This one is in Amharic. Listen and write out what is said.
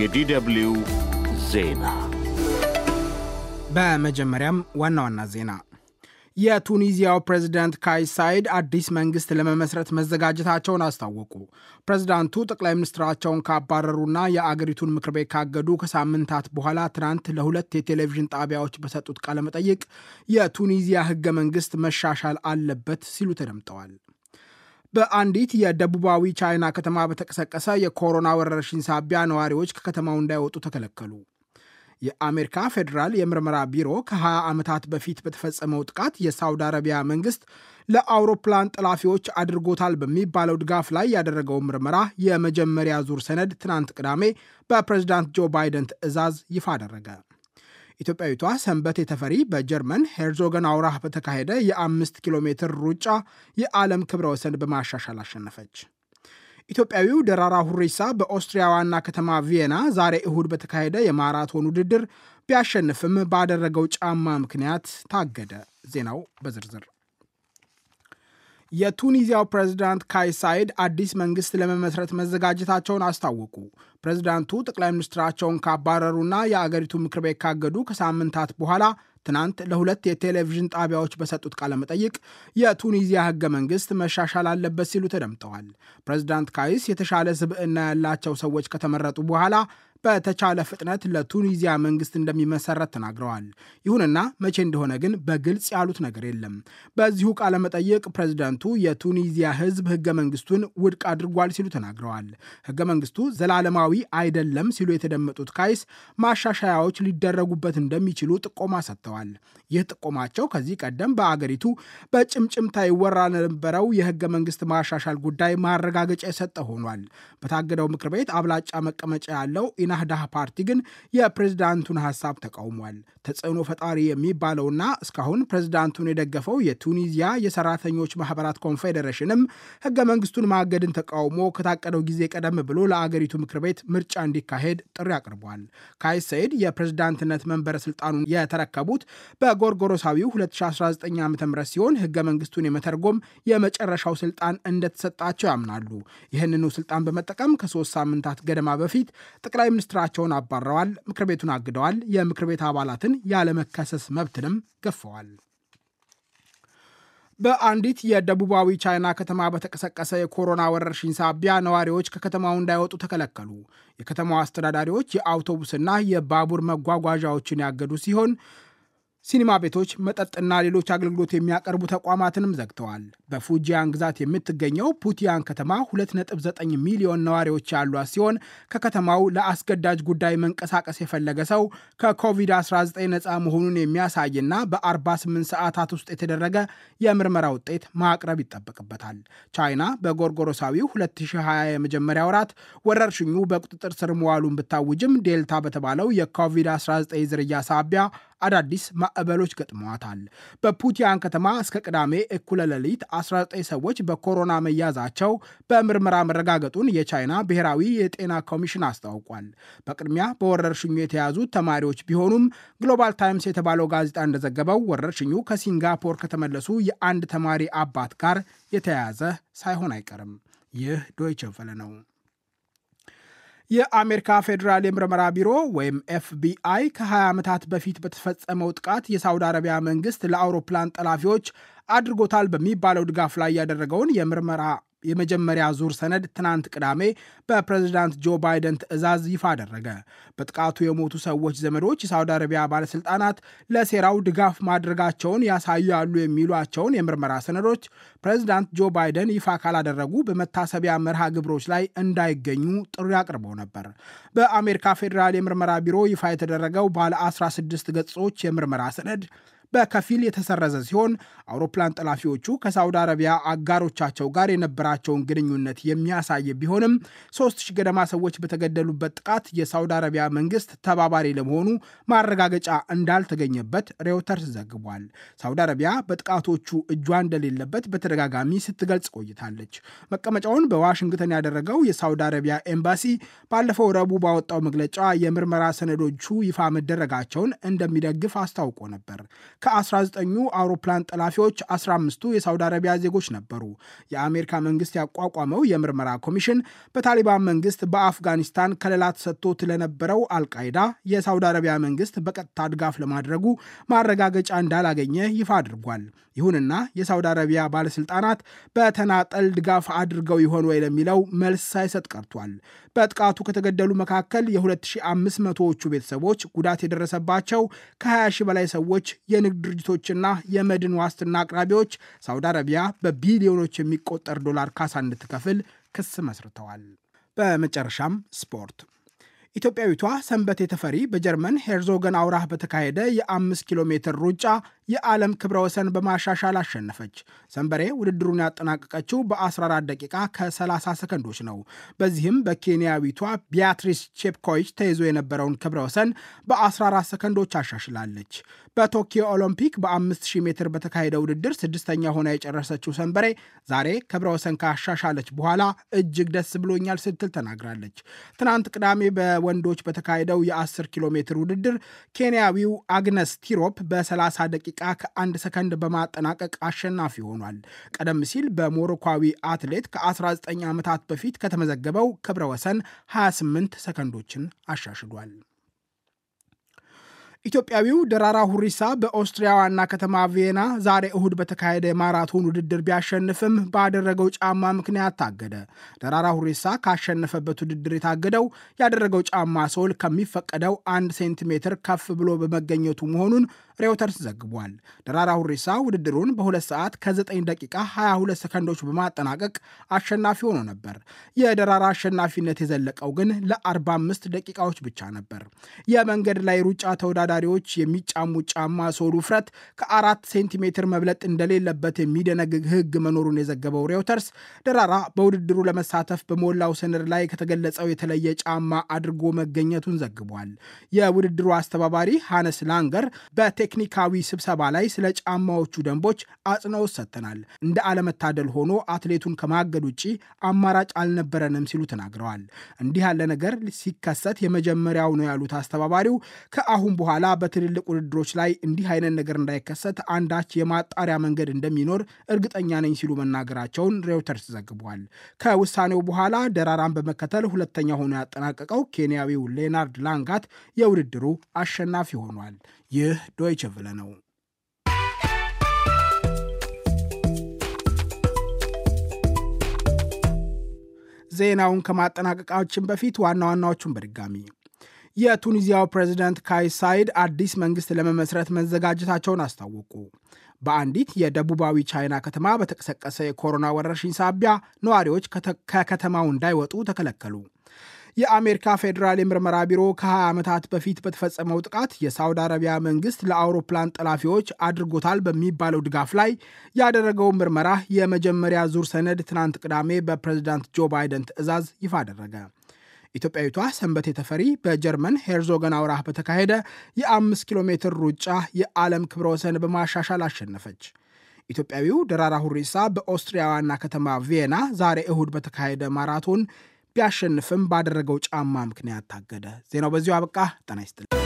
የዲደብልዩ ዜና በመጀመሪያም ዋና ዋና ዜና የቱኒዚያው ፕሬዝደንት ካይስ ሳይድ አዲስ መንግስት ለመመስረት መዘጋጀታቸውን አስታወቁ። ፕሬዝዳንቱ ጠቅላይ ሚኒስትራቸውን ካባረሩና የአገሪቱን ምክር ቤት ካገዱ ከሳምንታት በኋላ ትናንት ለሁለት የቴሌቪዥን ጣቢያዎች በሰጡት ቃለመጠይቅ የቱኒዚያ ህገ መንግስት መሻሻል አለበት ሲሉ ተደምጠዋል። በአንዲት የደቡባዊ ቻይና ከተማ በተቀሰቀሰ የኮሮና ወረርሽኝ ሳቢያ ነዋሪዎች ከከተማው እንዳይወጡ ተከለከሉ። የአሜሪካ ፌዴራል የምርመራ ቢሮ ከ20 ዓመታት በፊት በተፈጸመው ጥቃት የሳውዲ አረቢያ መንግስት ለአውሮፕላን ጠላፊዎች አድርጎታል በሚባለው ድጋፍ ላይ ያደረገው ምርመራ የመጀመሪያ ዙር ሰነድ ትናንት ቅዳሜ በፕሬዝዳንት ጆ ባይደን ትዕዛዝ ይፋ አደረገ። ኢትዮጵያዊቷ ሰንበት የተፈሪ በጀርመን ሄርዞገን አውራህ በተካሄደ የአምስት ኪሎ ሜትር ሩጫ የዓለም ክብረ ወሰን በማሻሻል አሸነፈች። ኢትዮጵያዊው ደራራ ሁሪሳ በኦስትሪያ ዋና ከተማ ቪየና ዛሬ እሁድ በተካሄደ የማራቶን ውድድር ቢያሸንፍም ባደረገው ጫማ ምክንያት ታገደ። ዜናው በዝርዝር የቱኒዚያው ፕሬዝዳንት ካይስ ሳይድ አዲስ መንግስት ለመመስረት መዘጋጀታቸውን አስታወቁ። ፕሬዝዳንቱ ጠቅላይ ሚኒስትራቸውን ካባረሩና የአገሪቱ ምክር ቤት ካገዱ ከሳምንታት በኋላ ትናንት ለሁለት የቴሌቪዥን ጣቢያዎች በሰጡት ቃለመጠይቅ የቱኒዚያ ህገ መንግስት መሻሻል አለበት ሲሉ ተደምጠዋል። ፕሬዝዳንት ካይስ የተሻለ ስብዕና ያላቸው ሰዎች ከተመረጡ በኋላ በተቻለ ፍጥነት ለቱኒዚያ መንግስት እንደሚመሰረት ተናግረዋል። ይሁንና መቼ እንደሆነ ግን በግልጽ ያሉት ነገር የለም። በዚሁ ቃለ መጠይቅ ፕሬዚደንቱ የቱኒዚያ ህዝብ ህገ መንግስቱን ውድቅ አድርጓል ሲሉ ተናግረዋል። ህገ መንግስቱ ዘላለማዊ አይደለም ሲሉ የተደመጡት ካይስ ማሻሻያዎች ሊደረጉበት እንደሚችሉ ጥቆማ ሰጥተዋል። ይህ ጥቆማቸው ከዚህ ቀደም በአገሪቱ በጭምጭምታ ይወራ ለነበረው የህገ መንግስት ማሻሻል ጉዳይ ማረጋገጫ የሰጠ ሆኗል። በታገደው ምክር ቤት አብላጫ መቀመጫ ያለው የናህዳህ ፓርቲ ግን የፕሬዝዳንቱን ሀሳብ ተቃውሟል። ተጽዕኖ ፈጣሪ የሚባለውና እስካሁን ፕሬዝዳንቱን የደገፈው የቱኒዚያ የሰራተኞች ማህበራት ኮንፌዴሬሽንም ህገ መንግስቱን ማገድን ተቃውሞ ከታቀደው ጊዜ ቀደም ብሎ ለአገሪቱ ምክር ቤት ምርጫ እንዲካሄድ ጥሪ አቅርቧል። ካይስ ሰይድ የፕሬዝዳንትነት መንበረ ስልጣኑን የተረከቡት በጎርጎሮሳዊው 2019 ዓ ም ሲሆን ህገ መንግስቱን የመተርጎም የመጨረሻው ስልጣን እንደተሰጣቸው ያምናሉ። ይህንኑ ስልጣን በመጠቀም ከሶስት ሳምንታት ገደማ በፊት ጠቅላይ ሚኒስትራቸውን አባረዋል፣ ምክር ቤቱን አግደዋል፣ የምክር ቤት አባላትን ያለመከሰስ መብትንም ገፈዋል። በአንዲት የደቡባዊ ቻይና ከተማ በተቀሰቀሰ የኮሮና ወረርሽኝ ሳቢያ ነዋሪዎች ከከተማው እንዳይወጡ ተከለከሉ። የከተማው አስተዳዳሪዎች የአውቶቡስና የባቡር መጓጓዣዎችን ያገዱ ሲሆን ሲኒማ ቤቶች፣ መጠጥና ሌሎች አገልግሎት የሚያቀርቡ ተቋማትንም ዘግተዋል። በፉጂያን ግዛት የምትገኘው ፑቲያን ከተማ 2.9 ሚሊዮን ነዋሪዎች ያሏት ሲሆን ከከተማው ለአስገዳጅ ጉዳይ መንቀሳቀስ የፈለገ ሰው ከኮቪድ-19 ነፃ መሆኑን የሚያሳይና በ48 ሰዓታት ውስጥ የተደረገ የምርመራ ውጤት ማቅረብ ይጠበቅበታል። ቻይና በጎርጎሮሳዊው 2020 የመጀመሪያ ወራት ወረርሽኙ በቁጥጥር ስር መዋሉን ብታውጅም ዴልታ በተባለው የኮቪድ-19 ዝርያ ሳቢያ አዳዲስ ማዕበሎች ገጥመዋታል። በፑቲያን ከተማ እስከ ቅዳሜ እኩለ ሌሊት 19 ሰዎች በኮሮና መያዛቸው በምርመራ መረጋገጡን የቻይና ብሔራዊ የጤና ኮሚሽን አስታውቋል። በቅድሚያ በወረርሽኙ የተያዙት ተማሪዎች ቢሆኑም ግሎባል ታይምስ የተባለው ጋዜጣ እንደዘገበው ወረርሽኙ ከሲንጋፖር ከተመለሱ የአንድ ተማሪ አባት ጋር የተያያዘ ሳይሆን አይቀርም። ይህ ዶይቸ ቨለ ነው። የአሜሪካ ፌዴራል የምርመራ ቢሮ ወይም ኤፍቢአይ ከ20 ዓመታት በፊት በተፈጸመው ጥቃት የሳውዲ አረቢያ መንግስት ለአውሮፕላን ጠላፊዎች አድርጎታል በሚባለው ድጋፍ ላይ ያደረገውን የምርመራ የመጀመሪያ ዙር ሰነድ ትናንት ቅዳሜ በፕሬዝዳንት ጆ ባይደን ትዕዛዝ ይፋ አደረገ። በጥቃቱ የሞቱ ሰዎች ዘመዶች የሳውዲ አረቢያ ባለሥልጣናት ለሴራው ድጋፍ ማድረጋቸውን ያሳያሉ የሚሏቸውን የምርመራ ሰነዶች ፕሬዝዳንት ጆ ባይደን ይፋ ካላደረጉ በመታሰቢያ መርሃ ግብሮች ላይ እንዳይገኙ ጥሪ አቅርበው ነበር። በአሜሪካ ፌዴራል የምርመራ ቢሮ ይፋ የተደረገው ባለ 16 ገጾች የምርመራ ሰነድ በከፊል የተሰረዘ ሲሆን አውሮፕላን ጠላፊዎቹ ከሳውዲ አረቢያ አጋሮቻቸው ጋር የነበራቸውን ግንኙነት የሚያሳይ ቢሆንም ሶስት ሺህ ገደማ ሰዎች በተገደሉበት ጥቃት የሳውዲ አረቢያ መንግስት ተባባሪ ለመሆኑ ማረጋገጫ እንዳልተገኘበት ሬውተርስ ዘግቧል። ሳውዲ አረቢያ በጥቃቶቹ እጇ እንደሌለበት በተደጋጋሚ ስትገልጽ ቆይታለች። መቀመጫውን በዋሽንግተን ያደረገው የሳውዲ አረቢያ ኤምባሲ ባለፈው ረቡዕ ባወጣው መግለጫ የምርመራ ሰነዶቹ ይፋ መደረጋቸውን እንደሚደግፍ አስታውቆ ነበር። ከ19ኙ አውሮፕላን ጠላፊዎች 15ቱ የሳውዲ አረቢያ ዜጎች ነበሩ። የአሜሪካ መንግስት ያቋቋመው የምርመራ ኮሚሽን በታሊባን መንግስት በአፍጋኒስታን ከለላ ተሰጥቶት ለነበረው አልቃይዳ የሳውዲ አረቢያ መንግስት በቀጥታ ድጋፍ ለማድረጉ ማረጋገጫ እንዳላገኘ ይፋ አድርጓል። ይሁንና የሳውዲ አረቢያ ባለስልጣናት በተናጠል ድጋፍ አድርገው ይሆን ወይ ለሚለው መልስ ሳይሰጥ ቀርቷል። በጥቃቱ ከተገደሉ መካከል የ2500ዎቹ ቤተሰቦች፣ ጉዳት የደረሰባቸው ከ20 ሺ በላይ ሰዎች፣ የንግድ ድርጅቶችና የመድን ዋስትና አቅራቢዎች ሳውዲ አረቢያ በቢሊዮኖች የሚቆጠር ዶላር ካሳ እንድትከፍል ክስ መስርተዋል። በመጨረሻም ስፖርት። ኢትዮጵያዊቷ ሰንበቴ ተፈሪ በጀርመን ሄርዞገን አውራህ በተካሄደ የአምስት ኪሎ ሜትር ሩጫ የዓለም ክብረ ወሰን በማሻሻል አሸነፈች። ሰንበሬ ውድድሩን ያጠናቀቀችው በ14 ደቂቃ ከ30 ሰከንዶች ነው። በዚህም በኬንያዊቷ ቢያትሪስ ቼፕኮች ተይዞ የነበረውን ክብረ ወሰን በ14 ሰከንዶች አሻሽላለች። በቶኪዮ ኦሎምፒክ በ5000 ሜትር በተካሄደ ውድድር ስድስተኛ ሆና የጨረሰችው ሰንበሬ ዛሬ ክብረ ወሰን ካሻሻለች በኋላ እጅግ ደስ ብሎኛል ስትል ተናግራለች። ትናንት ቅዳሜ በወንዶች በተካሄደው የ10 ኪሎ ሜትር ውድድር ኬንያዊው አግነስ ቲሮፕ በ30 ደቂ ደቂቃ ከአንድ ሰከንድ በማጠናቀቅ አሸናፊ ሆኗል። ቀደም ሲል በሞሮኳዊ አትሌት ከ19 ዓመታት በፊት ከተመዘገበው ክብረ ወሰን 28 ሰከንዶችን አሻሽሏል። ኢትዮጵያዊው ደራራ ሁሪሳ በኦስትሪያ ዋና ከተማ ቪየና ዛሬ እሁድ በተካሄደ ማራቶን ውድድር ቢያሸንፍም ባደረገው ጫማ ምክንያት ታገደ። ደራራ ሁሪሳ ካሸነፈበት ውድድር የታገደው ያደረገው ጫማ ሶል ከሚፈቀደው አንድ ሴንቲሜትር ከፍ ብሎ በመገኘቱ መሆኑን ሬውተርስ ዘግቧል። ደራራ ሁሪሳ ውድድሩን በሁለት ሰዓት ከ9 ደቂቃ 22 ሰከንዶች በማጠናቀቅ አሸናፊ ሆኖ ነበር። የደራራ አሸናፊነት የዘለቀው ግን ለ45 ደቂቃዎች ብቻ ነበር። የመንገድ ላይ ሩጫ ተወዳዳሪ ተወዳዳሪዎች የሚጫሙት ጫማ ሶል ውፍረት ከአራት ሴንቲሜትር መብለጥ እንደሌለበት የሚደነግግ ሕግ መኖሩን የዘገበው ሬውተርስ ደራራ በውድድሩ ለመሳተፍ በሞላው ሰነድ ላይ ከተገለጸው የተለየ ጫማ አድርጎ መገኘቱን ዘግቧል። የውድድሩ አስተባባሪ ሃነስ ላንገር በቴክኒካዊ ስብሰባ ላይ ስለ ጫማዎቹ ደንቦች አጽንኦት ሰጥተናል፣ እንደ አለመታደል ሆኖ አትሌቱን ከማገድ ውጭ አማራጭ አልነበረንም ሲሉ ተናግረዋል። እንዲህ ያለ ነገር ሲከሰት የመጀመሪያው ነው ያሉት አስተባባሪው ከአሁን በኋላ በኋላ በትልልቅ ውድድሮች ላይ እንዲህ አይነት ነገር እንዳይከሰት አንዳች የማጣሪያ መንገድ እንደሚኖር እርግጠኛ ነኝ ሲሉ መናገራቸውን ሬውተርስ ዘግቧል። ከውሳኔው በኋላ ደራራን በመከተል ሁለተኛ ሆኖ ያጠናቀቀው ኬንያዊው ሌናርድ ላንጋት የውድድሩ አሸናፊ ሆኗል። ይህ ዶይቸ ቬለ ነው። ዜናውን ከማጠናቀቃችን በፊት ዋና ዋናዎቹን በድጋሚ የቱኒዚያው ፕሬዚደንት ካይ ሳይድ አዲስ መንግስት ለመመስረት መዘጋጀታቸውን አስታወቁ። በአንዲት የደቡባዊ ቻይና ከተማ በተቀሰቀሰ የኮሮና ወረርሽኝ ሳቢያ ነዋሪዎች ከከተማው እንዳይወጡ ተከለከሉ። የአሜሪካ ፌዴራል የምርመራ ቢሮ ከ20 ዓመታት በፊት በተፈጸመው ጥቃት የሳውዲ አረቢያ መንግስት ለአውሮፕላን ጠላፊዎች አድርጎታል በሚባለው ድጋፍ ላይ ያደረገው ምርመራ የመጀመሪያ ዙር ሰነድ ትናንት ቅዳሜ በፕሬዚዳንት ጆ ባይደን ትዕዛዝ ይፋ አደረገ። ኢትዮጵያዊቷ ሰንበት የተፈሪ በጀርመን ሄርዞገን አውራህ በተካሄደ የአምስት ኪሎ ሜትር ሩጫ የዓለም ክብረ ወሰን በማሻሻል አሸነፈች። ኢትዮጵያዊው ደራራ ሁሪሳ በኦስትሪያ ዋና ከተማ ቪየና ዛሬ እሁድ በተካሄደ ማራቶን ቢያሸንፍም ባደረገው ጫማ ምክንያት ታገደ። ዜናው በዚሁ አበቃ። ጤና ይስጥልኝ።